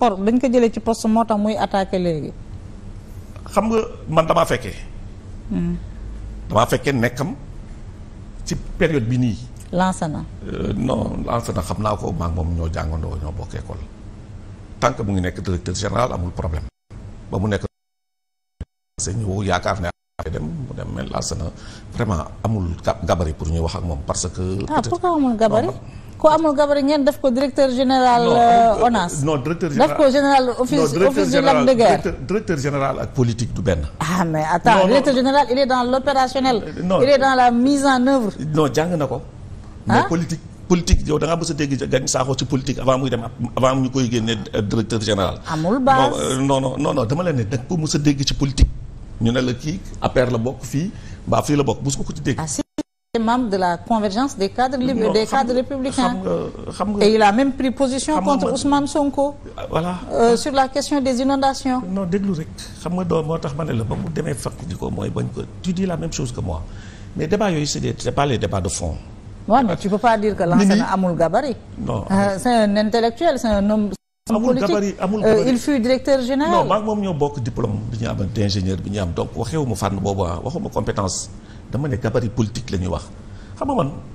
or dañ ko jëlee ci poste moo tax muy attaqué léegi. xam nga man damaa fekkee. Hmm. damaa fekkee nekkam ci période bi nii. Lansana. Euh, non Lansana xam naa ko maa ngi moom ñoo jàngandoo ñoo bokk école tant mu ngi nekk directeur général amul problème ba mu nekk. parce que ñëw yaakaar ne dem mu dem mais Lansana vraiment amul gabarit pour ñuy wax ak moom parce que. ah pourquoi amul gabarit ku amul gabari ngeen def ko directeur général. Euh, ONAS non directeur général def ko général office de Guiers. directeur général ak politique du benn. ah mais attends directeur général il est dans l'opérationnel. Euh, il est dans la mise en œuvre. non jàng na ko. mais politique politique yow da ngaa mës a dégg Gagny Sakho ci politique avant muy dem avant ñu koy génne euh, directeur général. amul base non non non dama leen ne da nga ko mës a dégg ci politique. ñu ne la kii APR la bokk fii mbaa fii la bokk mës ko ko ci dégg. Ah, membre de la convergence des cadres libres des cadres républicains et il a même pris position contre Ousmane Sonko euh, sur la question des inondations non déglu rek xam nga doo moo tax ma ne ba mu demee fàttali ko mooy bañ ko tu dis la même chose que moi mais débat yooyu c'est pas les débats de fond waaw mais tu peux pas dire que Lansana amul gabarit non euh, c'est un intellectuel c'est un homme amul euh, il fut directeur général non maag moom ñu am d'ingénieur bi ñu ma fànn boobu ah, waxuma compétence dama ne gabarit politique la ñuy wax xam nga